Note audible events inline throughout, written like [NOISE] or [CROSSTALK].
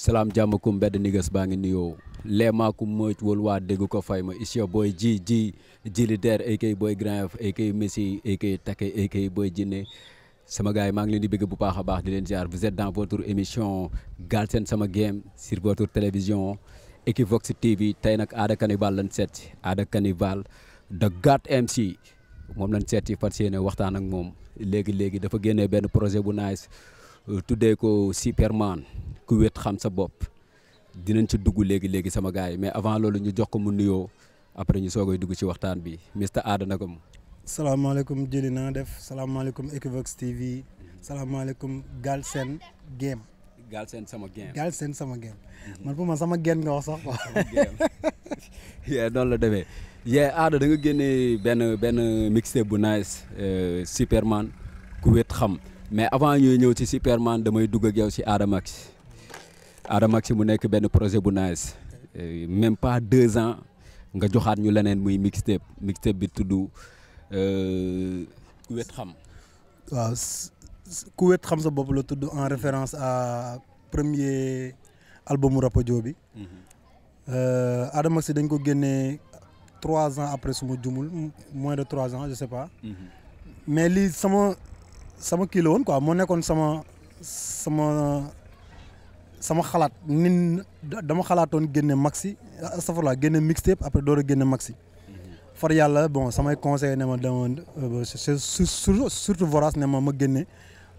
salaam jàmm ku mbedd nigas baa ngi nuyoo leemaa ku mëj wal waa dégg ko fay ma is booy ji ji jili der ay kay booy Grand Yoff ay kay Messi ay kay Take ay kay booy jinne sama gars maa ngi leen di bëgg bu baax a baax di leen ziar vous êtes dans votre émission seen sama game sur votre télévision Equivox TV tey nag Ada Kanibal lañ seet Ada Kanibal the gat MC moom lañ seet fas yéene waxtaan ak moom léegi léegi dafa génnee benn projet bu nice tuddee ko Superman ku wét xam sa bopp dinañ ci dugg léegi léegi sama gars yi mais avant loolu ñu jox ko mu nuyoo après ñu soogay dugg ci waxtaan bi Mr Ada naka mu. salaamaaleykum jëli na def salaamaaleykum Equivox TV salaamaaleykum Galsen Game. Galsen sama game Galsen sama game man pour ma sama game nga wax sax quoi. [LAUGHS] yee noonu la demee yee Ada da nga benn benn mixtape bu nice euh, Superman ku wét xam mais avant ñuy ñëw ci Superman damay dugg ak yow ci Ada Max. Adamaxi mu nekk benn projet bu nice eh, même pas deux ans nga joxaat ñu leneen muy mixtape mixtape bi tudd eh, ku wet xam. waaw ku wet xam sa bopp la tudd en référence à premier albumu Rapadio bi. Mm-hmm. Eh, Adamaxi dañ ko génne trois ans après suma jumul moins de trois ans je sais pas. Mm-hmm. mais lii sama sama kii la woon quoi moo nekkoon sama sama. sama xalaat nin dama xalaatoon génne maxi astafurlaa génne mixtape après door a génne si far yàlla bon samay conseil ne ma dama euh, surtout vorace ne ma ma génne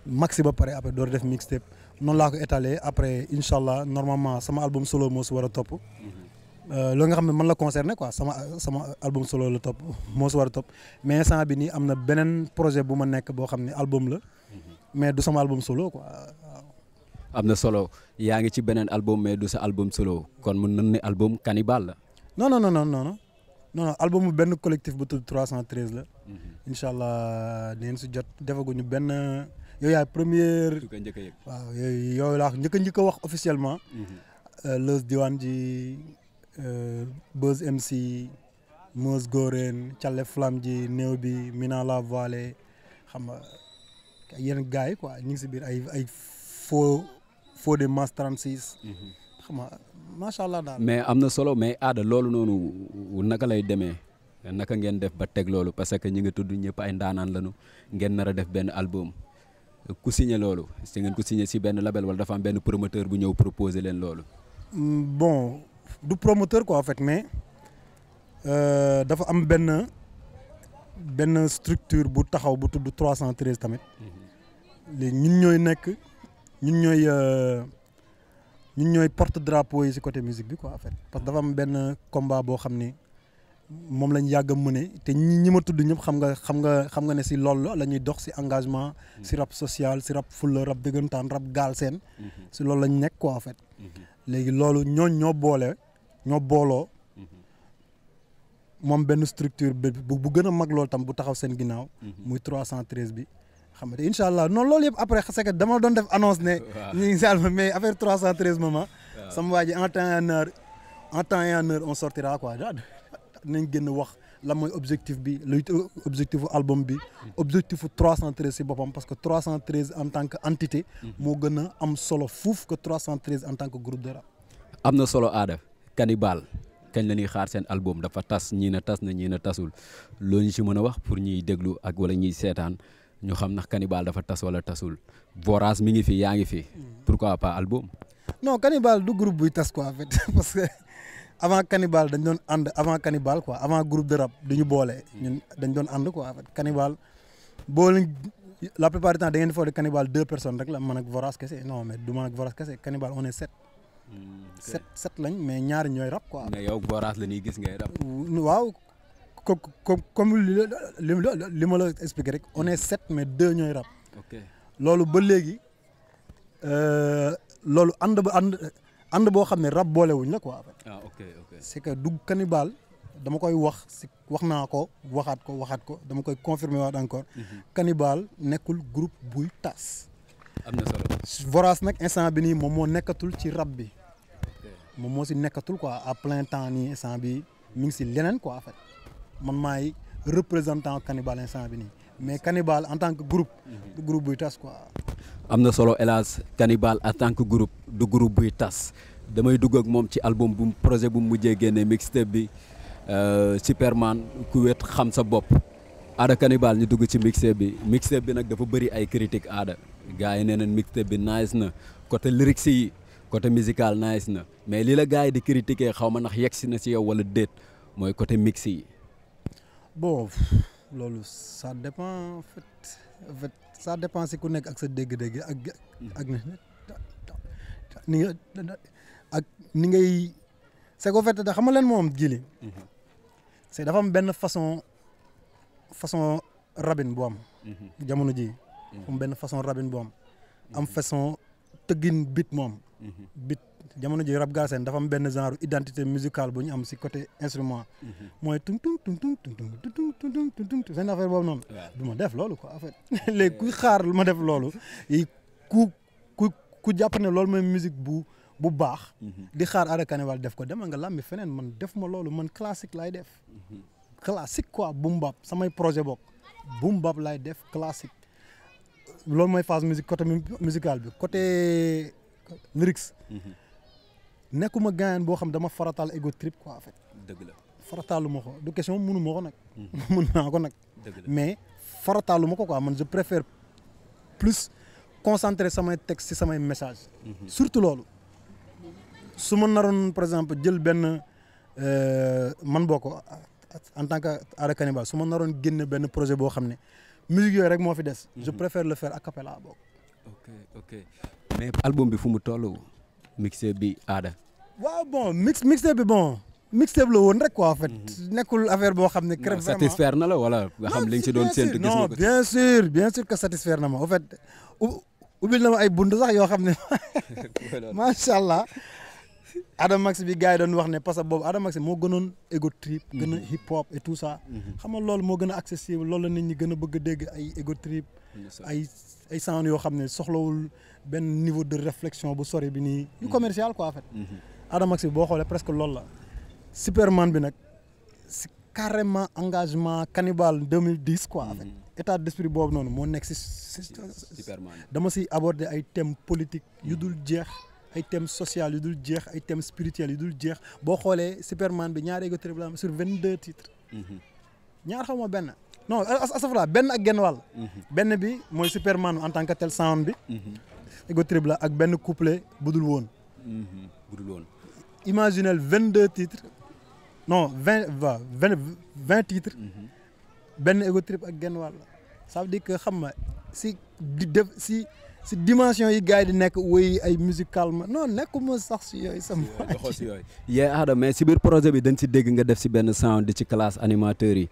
maxi ba pare après door a def mixtape noonu laa ko étalé après incha allah normalement sama album solo moo si war a topp euh, loolu nga xam ne man la concerné quoi sama sama album solo la topp moo si war a topp mais instant bi nii am na beneen projet bu ma nekk boo xam ne album la mhm. mais du sama solo quoi am na solo yaa ngi ci beneen album mais du sa album solo kon mën nañ ne album Cannibal la. non non non non non non album benn collectif bu tudd 313 la. Mhm. incha allah dinañ si jot defaguñu benn yow yaay première. njëkk a yëg waaw yooyu yow laa njëkk njëkk a wax officiellement. Leuz diwaan ji Buzz MC Moos Goreen Calle Flam ji néew bi Mina la Voilée xam nga yenn gars yi quoi si biir ay ay Fodé Mass 36. xam nga macha allah daal. mais am na solo mais aada loolu noonu naka lay demee naka ngeen def ba teg loolu parce que ñi ngi tudd ñëpp ay ndaanaan lañu ngeen nar a def benn album ku signé loolu si ngeen ko si benn label wala dafa am benn promoteur bu ñëw proposé leen loolu. Mm, du promoteur ko en fait mais euh, dafa am benn benn structure bu taxaw bu tudd 313 tamit mhm. léegi ñun ñooy nekk. ñun ñooy euh, ñu ñooy porte drapeau yi si côté musique bi ko en fait parce que dafa am benn combat boo xam ni moom lañ yàgg a mëne te ñi ñi ma tudd ñëpp xam nga xam nga xam nga ne si loolu la ñuy dox si engagement si mm-hmm. rap social si rab fulla rap dëggantaan rab gaal seen si mm-hmm. loolu lañ nekk ko en fait mm-hmm. léegi loolu ñooñ ñoo boole ñoo booloo moom benn structure bu bu gën a mag loolu tam bu taxaw seen ginnaaw muy 313 bi xam nga incha allah noonu loolu yëpp après c'est que dama doon def annonce ne. [LAUGHS] ñu ngi si mais affaire 313 moment. waaw sama waaj en temps et en heure en temps et en heure on sortira gën a wax lan mooy objectif bi luy objectifu album bi. Hmm. objectifu 313 si boppam parce que 313 en tant que entité. Hmm. moo gën a am solo fuuf que 313 en tant que groupe de rap. am na solo aada Kanibal kañ la ñuy xaar seen album dafa tas ñii na tas na ñii na tasul loo ñu si mën a wax pour ñuy déglu ak wala ñuy seetaan. ñu xam ndax Kanibal dafa tas wala tasul Vorace mi ngi fi yaa ngi fi. Mm. pourquoi pas album. non Kanibal du groupe buy tas quoi en [LAUGHS] parce que avant Kanibal dañ doon ànd avant Kanibal quoi avant groupe de rab du ñu boole. ñun dañ doon ànd quoi en fait Kanibal boo leen la plupart temps da ngeen di foog ne deux personnes rek la man ak Vorace kese non mais du man ak Vorace kese Kanibal on est mm, sept. sept lañ mais ñaari ñooy rap quoi. mais yow Vorace la ñuy gis ngay rap. comme comme li ma la expliqué rek on est mais deux ñooy rab. loolu ba léegi euh, loolu ànd ba ànd ànd boo xam ne rab boolewuñ la quoi. ah ok que du cannibale dama koy wax si wax naa ko waxaat ko waxaat ko dama koy confirmer wax encore. Mhm. cannibale nekkul groupe buy tas. am na nag instant bi nii moom moo nekkatul ci rab bi. moom moo si nekkatul quoi à plein temps nii instant bi mu ngi si leneen quoi en man maay représentant Cannibal instant bi nii mais Cannibal en tant que groupe du groupe buy tas quoi am na solo hélas Cannibal en tant que groupe du groupe buy tas damay dugg ak moom ci album bu projet bu mu mujjee génne mixtape bi euh, Superman ku wet xam sa bopp aada Cannibal ñu dugg ci mixtape bi mixtape bi nag dafa bëri ay critique aada gars yi nee nañ mixtape bi nice na côté lyrics yi côté musical nice na mais li la gars yi di critique xaw ma ndax yegg si na si yow wala déet mooy côté mix yi bon loolu sa dépend en fait dépend si ku nekk ak sa dégg-dégg ak ni ngay c'est qu'en fait da xam leen moom gili mhm. c'est dafa am benn façon façon rabine mhm. jamono ji mhm. am benn façon rabine bu am am façon tëggin bit moom bit jamono ji rap galsen dafa am benn genre identité musicale bu ñu am si côté instrument. mooy tung tung tung tung tung tung tung tung tung seen affaire boobu noonu. du ma def loolu quoi en fait léegi kuy xaar lu ma def loolu ku ku ku jàpp ne loolu mooy musique bu bu baax. di xaar Ada Canewal def ko demal nga làmbi feneen man def ma loolu man classique laay def. classique quoi boom bap samay projet bokk boom bap laay def classique. loolu mooy phase musique côté musicale bi côté lyrics. nekkuma gaañaan boo xam dama farataal ego trip quoi en la farataalu ma ko du question mënu ma ko nag. Hmm. [LAUGHS] mën naa ko nag. mais farataalu ma ko ko man je préfère plus concentrer samay texte ci samay message hmm. surtout loolu su ma naroon par exemple jël benn euh, man boo ko en tant que Ada Kanibal su ma naroon génne benn projet boo xam ne musique yooyu rek moo fi des. je hmm. préfère le fair a cappella boo ok bi fu mu toll. mixtape bi aada. waaw bon mix mixtape bi bon. mixtape woon rek quoi en fait. Mhm. nekkul affaire boo xam ne. crème vraiment satisfaire na la wala nga xam li nga si doon séntu. gis nga na ma en fait yoo xam ne [LAUGHS] macha allah. Adam Max bi gars yi doon wax ne parce que boobu Adam Max moo gënoon ego trip. Mhm. gën a hip hop et tout ça. Mhm. xam nga loolu moo gën a accessible loolu la ñi gën a bëgg a dégg ay ego trip. ay sound yoo xam ne soxlawul benn niveau de réflexion bu sori bi nii. yu commercial quoi en fait. Mhm. Adam Maxi boo xoolee presque loolu la. Superman bi nag si carrément engagement cannibal 2010 quoi en fait. Mhm. état d'esprit boobu noonu moo nekk si. Superman dama si aborder ay thèmes politique yu dul jeex. ay thèmes social yu dul jeex ay thèmes spirituel yu dul jeex boo xoolee Superman bi ñaari ego trip la sur vingt deux titres. Mhm. ñaar xaw ma benn. non astafurlah benn ak genn wàll. Mhm. benn bi mooy Superman en tant que tell sound bi. Mhm. ego trip la ak benn couplet budul woon. Mhm, budul woon. vingt deux titres non vingt vingt vingt titres. benn ego ak genn wàll. ça veut dire que xam ma si di def si. si dimension yi gars yi di nekk woy ay musical ma non nekkuma sax si yooyu sama doxal si yooyu yee aada mais si biir projet bi dañ si dégg nga def si benn sound di ci classe animateur yi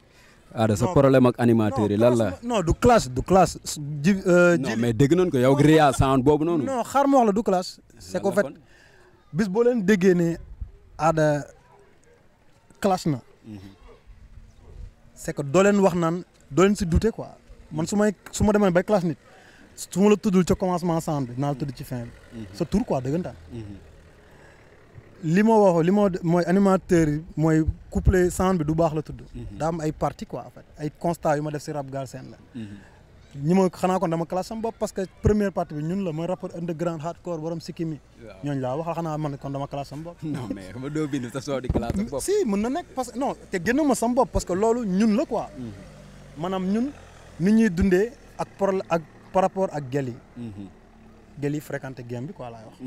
aada sa problème ak animateur yi lan la. non du classe du classe euh, ji. mais dégg nañ ko yow Ria sound boobu noonu. non xaar ma wax la du classe. c'est qu'en fait bis boo leen déggee ne aada classe na. c'est que doo leen wax naan doo si douter quoi man su may su ma demee bay classe nit su ma la tuddul ca commencement sound bi naa la tudd ci fin bi. Mhm. sa tour quoi dëggantaan. Mhm. li ma waxoon li ma mooy animateur yi mooy couplé son bi du baax la tudd. Mhm. daa am ay parties quoi en fait ay constat yu ma def si rap Galsen la. Mhm. ñi ma xanaa kon parce que première partie bi ñun la mooy rapport underground hardcore borom sikkim yi. waaw ñooñu laa wax xanaa man kon dama classe sama bopp. [LAUGHS] non mais xam na nekk parce que non te ma sama bopp parce que loolu ñun la quoi. Mhm. maanaam ñun ni ñuy dundee ak par ak par rapport ak gel yi. gel yi fréquenté game bi quoi laay wax.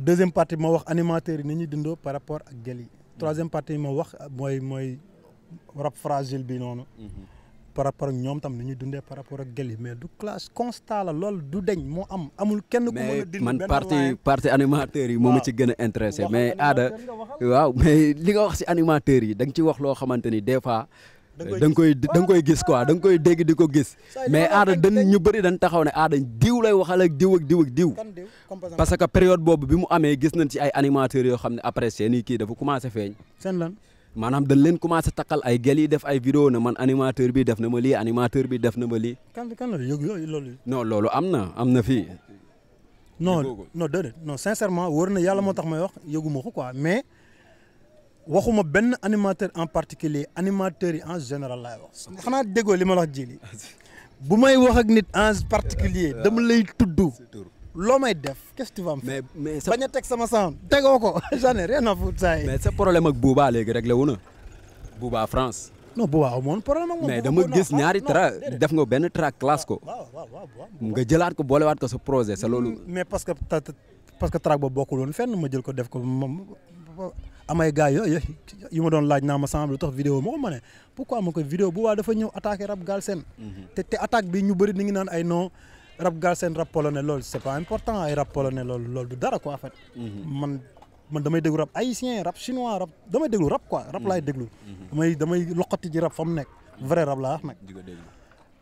deuxième partie bi ma wax animateurs yi ni ñuy dundoo par rapport ak gel yi troisième partie bi ma wax mooy mooy rab fragile bi noonu mhm. par rapport ak ñoom tam ni ñuy dundee par rapport ak gel yi mais du classe constat la lool du deñ moo am amul kenn ku mën a dindi man partie partie animateurs yi moom ma ci gën a intéressé mais aada waaw mais li nga wax si animateurs yi da nga ci wax loo xamante ni des fois da koy da koy gis quoi da koy dégg di ko gis mais aada dan ñu bëri dañ taxaw ne aada diw lay waxal ak diw ak diw parce que période boobu bi mu amee gis nañ ci ay animateurs yoo xam ne après seen i kii dafa commencé feeñ maanaam dañ leen commencé takkal ay gel yi def ay vidéo na man animateur bi def na ma lii animateur bi def na ma lii kan kan la yëg loolu non loolu am na am na fii no non déedéet non sincèrement wóor na yàlla moo tax may wax yëguma ko quoi mais waxuma benn animateur en particulier animateurs yi en général laay xanaa déggoo li ma la wax jili bu may wax ak nit en particulier dama lay tudd loo may def quest mais mais bañ a teg sama sang tegoo ko [LAUGHS] j'en ai na à foutre mais sa problème ak Bouba léegi réglé wu na Bouba France non Bouba amoon problème ak moom mais dama gis ñaari tra def nga benn tra classe ko nga jëlaat ko boolewaat ko sa projet sa loolu mm, mais parce que parce que track ba bokkul woon fenn ma jël ko def ko moom amay gars yooyu yu ma doon laaj naa ma semble tax vidéo moo ma ne pourquoi ma koy vidéo bu waa dafa ñëw attaqué rap mm-hmm. te attaque bi ñu bëri ni ngi naan ay non rap Galsen rap polonais loolu c'est pas important ay rap polonais loolu loolu du dara quoi en fait mm-hmm. man man damay déglu rap haïtien rap chinois rap damay déglu rab quoi rap laay mm-hmm. déglu damay damay loqati ji rap fa mu nekk vrai rap laa wax nag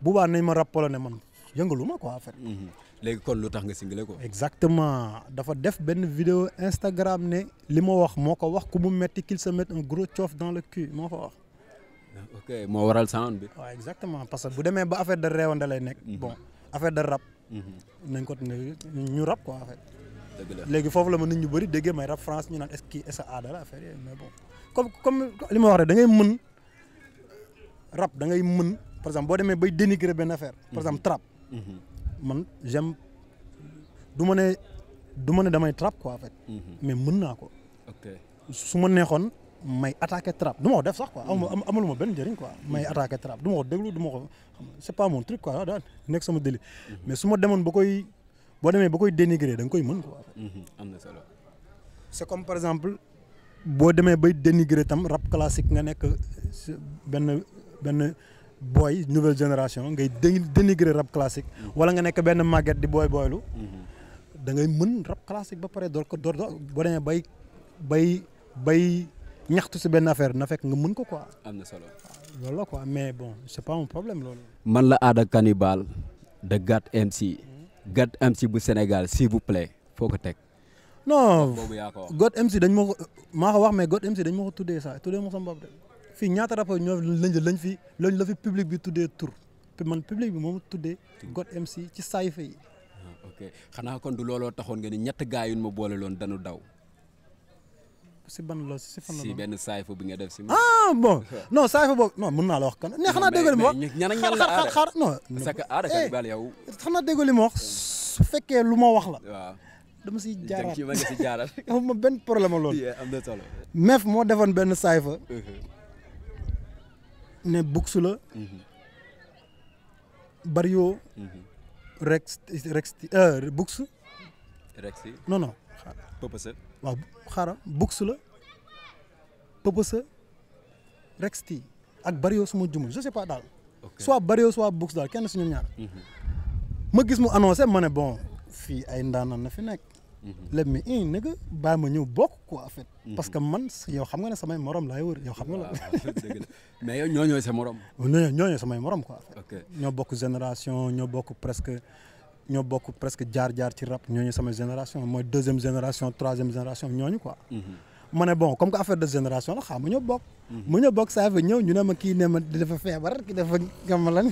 bu baa nañ ma rap ne man yëngalu ko quoi en léegi kon lu tax nga single ko. exactement dafa def benn vidéo Instagram ne li ma wax moo ko wax ku mu metti qu'il se mette un gros coof dans le cul moo fa wax. Ah, moo waral sound bi. waaw exactement parce que bu demee ba affaire de réewande lay nekk. Mhm. bon affaire de rap. Mhm. nañ ko ñu rap quoi en léegi foofu la ma nit ñu bëri déggee may rap France ñu naan est-ce que est affaire yooyu mais bon comme comme li ma wax rek da ngay mën rab da ngay mën par exemple boo demee bay dénigrer benn affaire. par exemple trap. Mhm. man j'aime du ma ne du ma ne damay trap quoi en mhm. mais mën naa ko. ok su ma neexoon may attaqué trap du ma ko def sax quoi. amalu ma benn njëriñ quoi mhm. may attaqué trap du ma ko déglu du ko xam c'est pas mon truc quoi daal nekk sama délire. Mhm. mais su ma demoon ba koy boo demee ba koy dénigrer da nga koy mën quoi. am na solo. c'est comme par exemple boo demee bay dénigrer tam rap classique nga nekk euh, benn benn. booy nouvelle génération ngay dénigrer rap classique mm-hmm. wala nga nekk benn màgget di booy booylu mm-hmm. da ngay mën rap classique ba pare door ko door boo demee bay bay bay ñaxtu si benn affaire na fekk nga mën ko quoi. am na solo loolu la quoi mais bon c'est pas un problème loolu. man la Ada Kanibal de Gat MC. Mm-hmm. Gat MC bu Sénégal s'il vous plaît foo ko teg. non Gat MC dañ ma ko maa ko wax mais Gat MC dañ ma ko tuddee saa tuddee ma sama bopp de. fii ñaata rapport ñoo lañ fi lañ la fi public bi tuddee tur man public bi moom tuddee God MC ci saay fa yi ah, xanaa kon du looloo taxoon nga ni ñett gaa yu ma boole loon danu daw. si ban loo si fan la si benn saayfa bi nga def si. ah bon non saayfa boobu non mën naa la wax kan. ne xanaa déggoo li ma wax ñan ak ñan yow. xanaa déggoo li ma su fekkee lu ma wax la. waaw dama siy jaaraat dama siy jaaraat. [LAUGHS] benn problème lool [LAUGHS] am na meef moo defoon benn saayfa. Uh-huh. ne buxu la. Mhm. Barrio. Mhm. Rex Rex euh, buxu. Rex non non. waaw xaaral buxu la Pëpësa Rex tii ak Barrio suma jumul je sais pas daal. soit Barrio soit buxu daal kenn suñu ñaar. Mhm. ma gis mu annoncé ma ne bon fii ay ndaanaan na fi nekk. la mais i naga baa ma ñëw bokk ko en mm-hmm. parce que man yow xam nga ne samay morom laay war yow xam nga la mais yow ñoo ñooy sa morom [LAUGHS] ñoo ñooy samay morom quoi ñoo bokk génération ñoo bokk presque ñoo bokk presque jaar-jaar ci rap ñooñu sama génération mooy deuxième génération troisième génération ñooñu ko mm-hmm. ma ne bon comme que affaire de génération la xaama ñoo bokk mu ñëw box saa fa ñëw ñu ne ma kii ne ma dafa feebar ki dafa gàmm lan.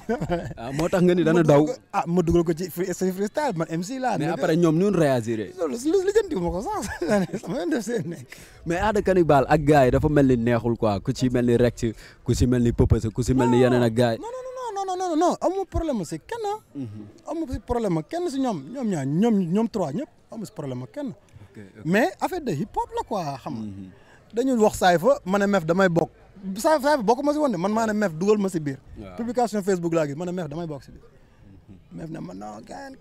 ah moo tax nga ni dana [LAUGHS] daw a ah, ma dugal ko ci free freestyle man MC laa. mais ñoom ñun réagir. loolu lu lijjanti ma ko sax [LAUGHS] sama yoon seen nekk. mais Ada Kanibal ak gars yi dafa mel ni neexul quoi ku ci mel ni Rex ku ci mel ni Peupeuse ku ci mel ni yeneen ak gars yi. non non amu problème si kenn ah. Mhm. amu si problème kenn si ñoom ñoom ñaar ñoom ñoom trois ñëpp amu si problème kenn. mais affaire de hip hop la quoi xam nga. Mhm. dañu wax saay fa man ne meef damay bokk saay saay fa bokk ma si woon man maa ne meef dugal ma si biir. publication Facebook laa gis a ne meef damay bokk si biir. meef ne ma non kenn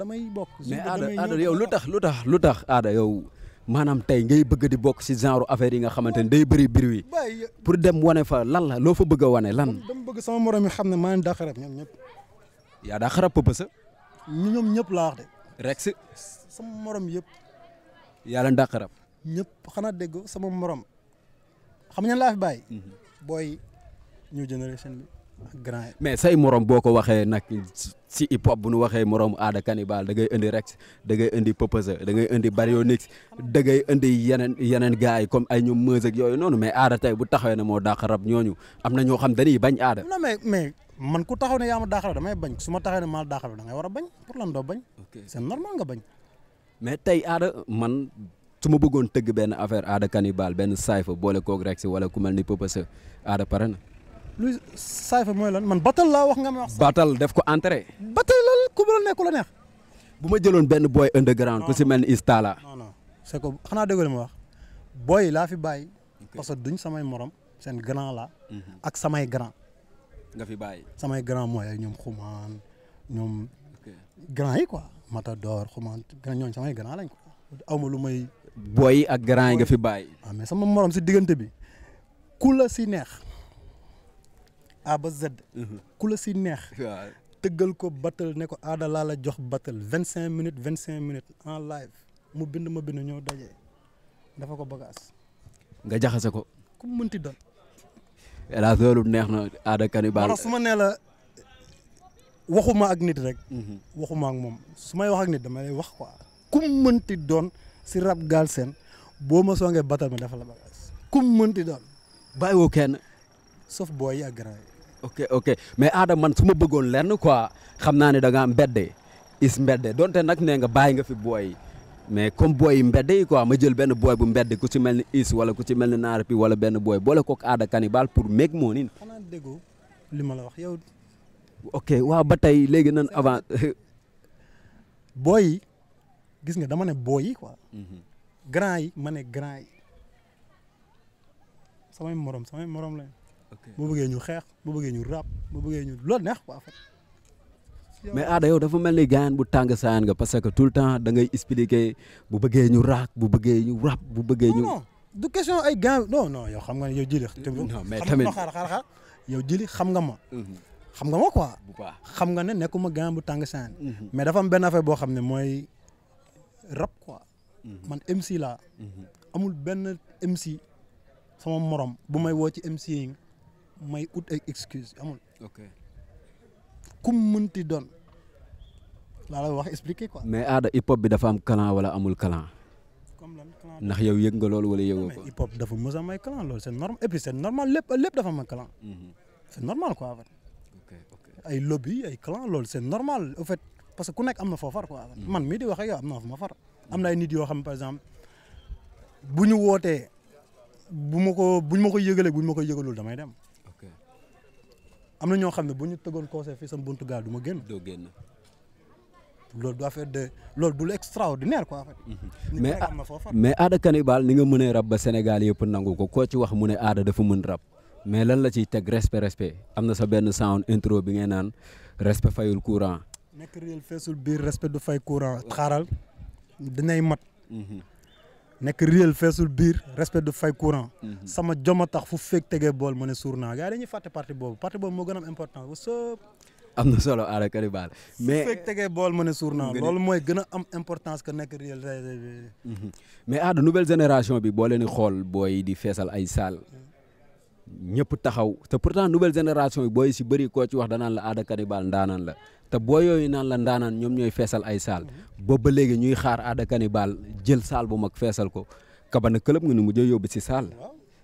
damay bokk. aada aada yow lu tax lu tax lu tax aada yow. maanaam tey ngay bëgg di bokk si genre affaire yi nga xamante ne day bëri biir wi. pour dem wane fa lan la loo fa bëgg a wane lan. dama bëgg sama moroom yi xam ne maa ngi daa xarab ñoom ñëpp. yaa daa xarab pëpësa. ñoom ñëpp laa wax de. rek si. sama moroom yëpp. yaa leen daa xarab. ñëpp xanaa dégg sama morom xam ñan laa fi bàyyi. Mhm. booy new generation bi ak grand mais say morom boo ko waxee nag si hip hop bu nu waxee morom aada cannibal da ngay indi rex da ngay indi Popeza da ngay indi Baryonyx da ngay indi yeneen yeneen gars yi comme ay ñu meuse ak yooyu noonu mais aada tey bu taxawee ne moo dàq rab ñooñu am na ñoo xam dañuy bañ aada. non mais mais man ku taxaw ne yaa ma dàq rab damay bañ suma ma taxaw ne maa dàq rab da ngay war a bañ pour lan doo bañ. seen normal nga bañ. mais su ma bëggoon tëgg benn affaire aada cannibal benn sayfa boole koog rek si wala ku mel ni pëpësa aada pare na. luy sayfa mooy lan man batal laa wax nga ma wax. batal def ko entrée. batal la ku la nekk la neex. bu ma jëloon benn booy underground ku si mel ni Istala. non xanaa dëgg la ma wax boy laa fi bàyyi. parce que duñ samay morom seen grand la mhm. ak samay grand. nga fi bàyyi. samay grand mooy ay ñoom xumaan ñoom. grand yi quoi. Matador xumaan ko booy ak grand yi nga fi bàyyi. waaw ah, sama morom si diggante bi ku la si neex A ba Z. Mhm. ku la si neex. tëggal ko battle ne ko aada laa la jox battle vingt cinq minutes vingt cinq minutes en live mu bind ma bind ñëw daje dafa ko bagaas. nga jaxase ko. ku mënti doon. hélas lu neex na aada Kanibal. su ma nee waxuma ak rek. Mhm. waxuma moom su may wax ak nit dama lay wax quoi. ku mënti doon. si rab gaal seen boo ma songee batal ma dafa la bagage kum mënti doon. bàyyiwoo kenn. sauf booy yi ak grand yi. ok ok mais aada man su ma bëggoon lenn quoi xam naa ne da ngaa mbedde is mbedde donte nag nee nga bàyyi nga fi booy yi mais comme booy yi mbedde yi quoi ma jël benn booy bu mbedd ku ci mel ni is wala ku ci mel ni naar bi wala benn booy boole kook aada cannibal pour meeg moo niin. xanaa déggoo li ma la wax yow. ok waaw ba tey léegi nan avant. [LAUGHS] booy gis nga dama ne booy yi quoi. Mhm. grand yi ma ne grand yi samay morom samay morom lañ. mu bu bëggee ñu xeex bu bëggee ñu rap bu bëggee ñu loolu neex quoi. mais aada yow dafa mel ni gaañ bu tàng saan nga parce que tout le temps da ngay expliquer bu bëggee ñu raak bu bëggee ñu rap bu bëggee ñu. non du ay gaañ non non yow xam nga ne yow jili. non mais tamit xam nga xam nga ma. Mhm. xam nga ma quoi. xam nga ne nekkuma gaañ bu tàng saan. Mhm. mais dafa am benn boo xam ne mooy rap quoi. Mhm. man MC laa. Mhm. amul benn MC sama morom bu may woo ci MC yi may ut ay excuse amul. ok kum ti doon laa la wax expliquer ko mais aada hip hop bi dafa am clan wala amul clan. comme lan clan ndax yow yëg nga loolu wala yëgoo ko. hip hop dafa mës a may clan loolu c'est normal et puis c'est normal dafa am clan. Mhm. c'est normal quoi en fait. ay lobby ay clan loolu c'est normal en parce que ku nekk am na foo far quoi. Mm. man mii di wax ak yow am na fu ma far. am na ay nit yoo xam par exemple bu ñu wootee bu ma ko bu ñu ma ko yëgalee bu ñu ma ko yëgalul damay dem. ok am na ñoo xam ne bu ñu tëggoon conseil fii sama buntu gaal du ma génn. doo génn. loolu du affaire de loolu du lu extraordinaire quoi. Mhm. mais mais aada Kanibal ni nga mënee rab ba Sénégal yëpp nangu ko koo ci wax mu ne aada dafa mën rab mais lan la ciy teg respect respect am na sa benn sound intro bi ngay naan respect fayul courant. nekk réel feesul biir respect du fay courant xaaral dinay mat. Mhm. nekk réel feesul biir respect du fay courant. Mhm. sama joma tax fu fekk tegee bool ma ne suur naa gaa yi dañuy fàtte parti boobu parti boobu moo gën a am importance ba sëb. am na solo Ada Coulibaly mais fu fekk tegee bool ma ne suur naa loolu mooy gën a am importance que nekk réel. Mhm. mais Ada nouvelle génération bi boo leen di xool booy di feesal ay salle. Mm. ñëpp taxaw te pourtant nouvelle génération yi booy si bari koo ci wax danaan la aada kanibal ndaanaan la te boo yooyu naan la ndaanaan ñoom ñooy feesal ay saal boobu ba léegi ñuy xaar aada kanibal jël saal bu mag feesal ko kabana këlëb nga ni mujjee yóbbu si saal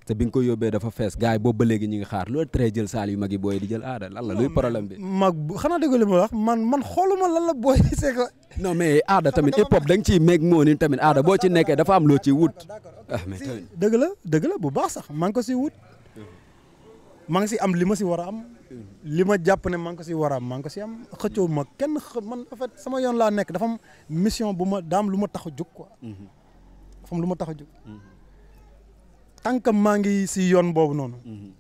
te bi nga ko yóbbee dafa fees gars yi boobu ba léegi ñu ngi xaar loolu très jël saal yu mag yi booy di jël aada lan la luy problème bi. mag xanaa dégg li ma wax man man xooluma lan la booy c'est que. non mais aada tamit hip hop da nga ciy meeg moo ni tamit aada boo ci nekkee dafa am loo ciy wut. ah mais la dëgg la bu baax sax maa ko siy wut. maa ngi si am li ma si war a am li ma jàpp ne maa ko si war a am maa ko si am xëccoo ma kenn man en fait sama yoon laa nekk dafa mission bu ma daam lu ma tax a jóg quoi. Mhm. dafa lu ma tax a jóg. Mhm. tant maa ngi si yoon boobu noonu. Mhm.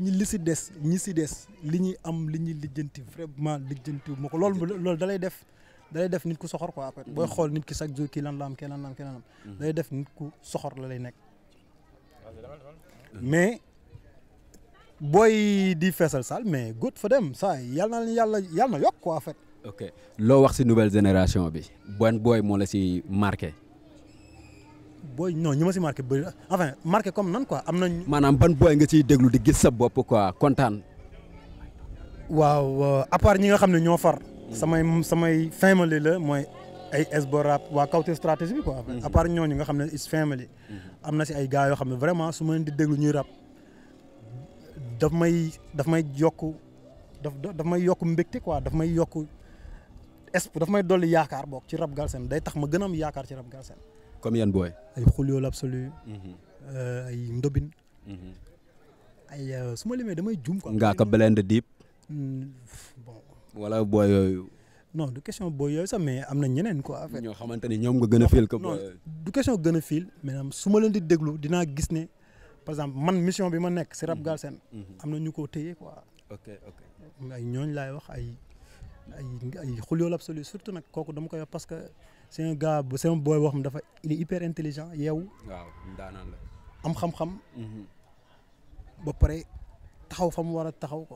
li li si des ñi si des li ñuy am li ñuy lijjanti vraiment lijjanti wu ma ko loolu loolu da def da lay def nit ku soxor ko après. booy xool nit ki chaque jour kii lan la am kii lan def nit ku soxor la lay nekk. booy di feesal saal mais good for them saa yal na yàlla yal na yokk quoi en fait. loo wax ci nouvelle génération bi ban booy moo la si marqué. booy non ñi ma ci marqué bëri enfin marqué comme nan quoi am nañ. maanaam ban booy nga ciy déglu di gis sa bopp quoi kontaan. waaw à part ñi nga xam ne ñoo far. samay samay family la mooy ay esborap waa kawte stratégie bi quoi. Mhm. à part ñooñu nga xam ne is family mhm. am na si ay gars yoo xam ne vraiment su ma leen di déglu ñuy rap. daf may daf may yokk daf daf may yokk mbégte quoi daf may yokk esp daf may dolli yaakaar boog ci rap galsen day tax ma gën a am yaakaar ci rap galsen comme yan booy. ay xulyool absolu. Mhm. Euh, ay ndobin. Mhm. ay euh, su ma limee damay juum quoi. ngaa ko blend deep. Hmm, bon. wala booy yooyu. non du question booy yooyu sax mais am na ñeneen quoi. en fait ñoo xamante ni ñoom nga gën a fil. booy du question gën a fil. maanaam su ma leen di déglu dinaa gis ne. par exemple man mission bi ma nekk si rap mhm. Galsen mhm. am na ñu koo téye ko ay ñooñ laay wax ay ay ay Julio l'absolu surtout nag kooku dama koy wax parce que c'est un gars bu c'est un boy boo dafa il est hyper intelligent yeewu. la. am xam-xam. Mhm. ba taxaw fa mu war a taxaw ko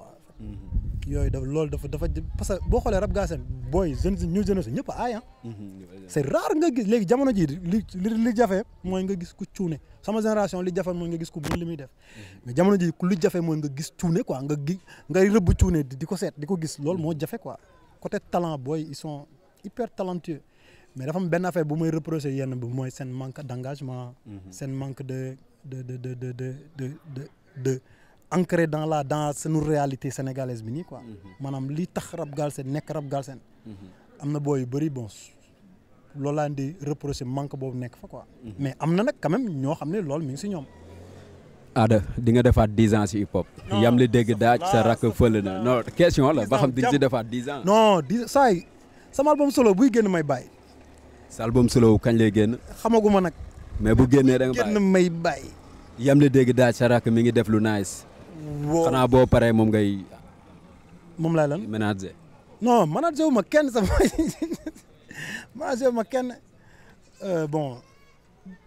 yooyu dafa loolu dafa dafa parce que boo xoolee rap gaasam booy jeunes ñu jeunes ñëpp aay ah. mhm, nga gis léegi jamono jii li li jafe mooy nga gis ku cuune sama génération li jafe mooy nga gis ku bon li muy def mhm. mais jamono jii ku lu jafe mooy nga gis cuune ko nga gi ngay rëbb cuune di ko seet di ko gis loolu moo jafe ko côté talent booy ils sont hyper talentueux mais dafa am benn affaire bu may reprocher yenn bi mooy seen manque d'engagement. Mhm. seen manque de de de de de de de. ancré dans la dans réalité sénégalaise bi nii quoi. maanaam li tax rap galsen nekk rap galsen. am na booy yu bëri bon loolu laa di reproché manque boobu nekk fa quoi. mais am na nag quand ñoo xam ne loolu mi ngi si ñoom. Ada di nga defaat dix ans si hip hop. yam li dégg daaj sa rakk fële na non question la ba xam di nga si defaat dix ans. non di saa sama album solo buy génn may bàyyi. sa album solo kañ lay génn. xamaguma nag. mais bu génnee da nga bàyyi génn may bàyyi. yam li dégg daaj sa ra mi ngi def lu nice. woo xanaa boo paree moom ngay. moom laay lan ménager. non ménager wu ma kenn sax [LAUGHS] ménager wu ma kenn euh, bon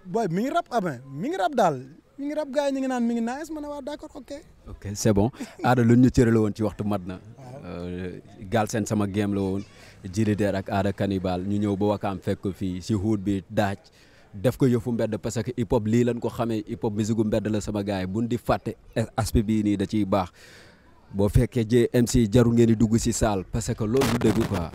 booy mi ngi rab abe ah mi ngi rab daal mi ngi rab gars yi ñu ngi naan mi ngi nice ma ne waa d'accord ok. ok c'est bon [LAUGHS] aada lu ñu cërale woon ci waxtu mat na. Euh, Galsen sama game la woon Jili Der ak aada Kanibal ñu ñëw ba wakaam fekk fii si huut bi daaj. def ko yëfu mbedd parce que hip lii lañ ko xamee hip hop musique mbedd la sama gars bu buñ di fàtte aspect bii nii da ciy baax boo fekkee jee MC jaru ngeen di dugg si saal parce que loolu du dëgg quoi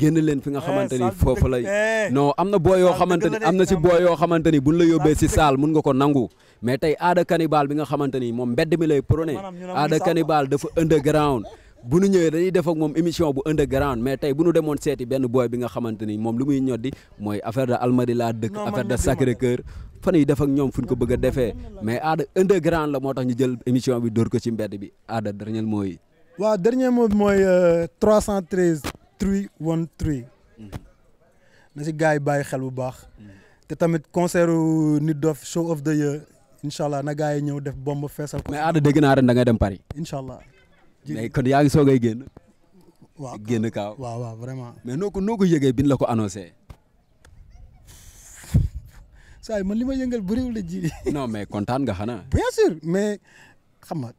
génn leen fi nga eh, xamante ni foofu lay eh. non am na boo yoo xamante ni am na si boo yoo xamante ni buñ la yóbbee si saal mun nga ko nangu mais tey aada cannibal bi nga xamante ni moom mbedd mi lay prôné aada cannibal dafa underground bu nu ñëwee dañuy def ak moom émission bu underground mais tey bu nu demoon seeti benn booy bi nga xamante ni moom lu muy ñoddi mooy affaire de Almadies laa dëkk affaire de Sacré Cœur fan ñoom fu ko bëgg a defee mais aada underground la moo tax ñu jël émission bi dóor ko ci mbedd bi aada dernier mot yi. waaw dernier mot bi mooy 313 euh, 313. Mm-hmm. na si gars yi bàyyi xel bu baax. Mm-hmm. te tamit concert Nit Doff show of the year incha na gars yi ñëw def bomb feesal ko. mais aada dégg naa ren da dem Paris. incha allah. mais kon yaa ngi soogay génn. waaw génn kaaw waaw vraiment. mais noo ko noo ko yëgee bi la ko annoncé. [LAUGHS] saa yi man li ma yëngal bëriwul la ji. [LAUGHS] non mais kontaan nga xanaa. bien sûr mais xam nga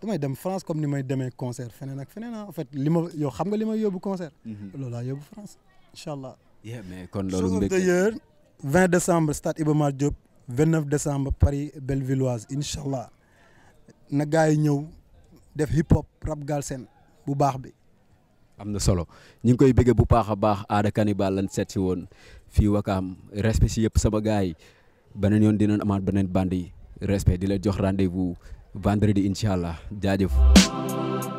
damay dem France comme ni may demee concert feneen ak feneen en fait li ma yow xam nga li may yóbbu concert. Mhm. loolu yóbbu France incha allah. yeah mais kon loolu. mbégte d'ailleurs 20 décembre stade Iba Mar Diop 29 décembre Paris Bellevilloise incha allah na gars yi ñëw. def hip hop rap galsen bu baax bi. am na solo ñu ngi koy bëggee bu baax a baax aada Kanibal lañ seet si woon fii wakaam respect si yëpp sama gars yi beneen yoon dinañ amaat beneen bandi respect di la jox rendez-vous vendredi incha allah jaajëf.